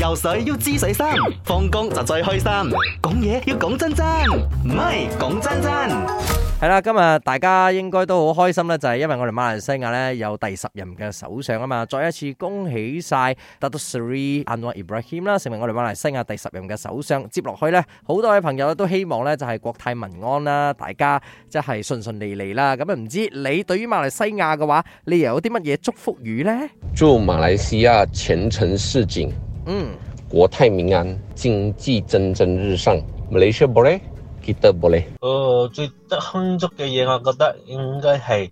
游水要知水深，放工就最開心。講嘢要講真真，唔係講真真。係啦，今日大家應該都好開心咧，就係因為我哋馬來西亞咧有第十任嘅首相啊嘛，再一次恭喜晒 Datuk Sri Anwar Ibrahim 啦，成為我哋馬來西亞第十任嘅首相。接落去咧，好多位朋友都希望咧就係國泰民安啦，大家即係順順利利啦。咁啊，唔知你對於馬來西亞嘅話，你又有啲乜嘢祝福語咧？祝馬來西亞前程似錦。嗯，國泰民安，經濟蒸蒸日上。Malaysia boleh，Kita boleh。誒、哦，最得慶祝嘅嘢，我覺得應該係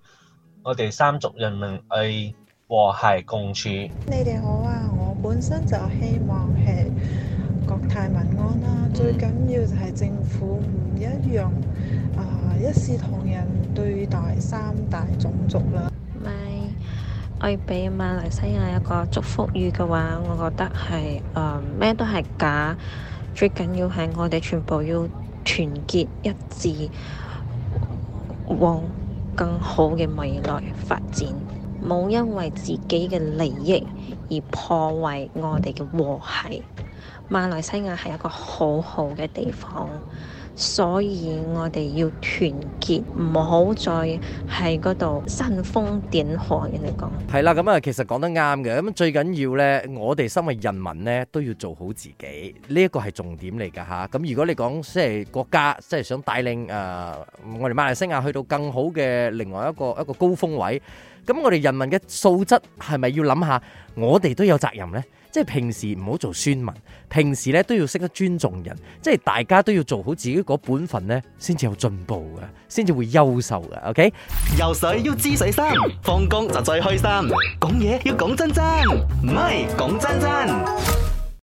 我哋三族人民去和諧共處。你哋好啊！我本身就希望係國泰民安啦，嗯、最緊要就係政府唔一樣啊、呃，一視同仁對待三大種族啦。我要俾馬來西亞一個祝福語嘅話，我覺得係呃、咩都係假，最緊要係我哋全部要團結一致，往更好嘅未來發展，冇因為自己嘅利益而破壞我哋嘅和諧。馬來西亞係一個好好嘅地方。所以我哋要團結，唔好再喺嗰度煽風點火。你講。係啦，咁啊，其實講得啱嘅。咁最緊要咧，我哋身為人民咧，都要做好自己，呢一個係重點嚟㗎吓。咁如果你講即係國家，即係想帶領誒、呃、我哋馬來西亞去到更好嘅另外一個一個高峰位，咁我哋人民嘅素質係咪要諗下？我哋都有責任咧，即係平時唔好做酸民，平時咧都要識得尊重人，即係大家都要做好自己。嗰本分咧，先至有進步嘅，先至會優秀嘅。OK，游水要知水深，放工就最開心，講嘢要講真真，唔係講真真。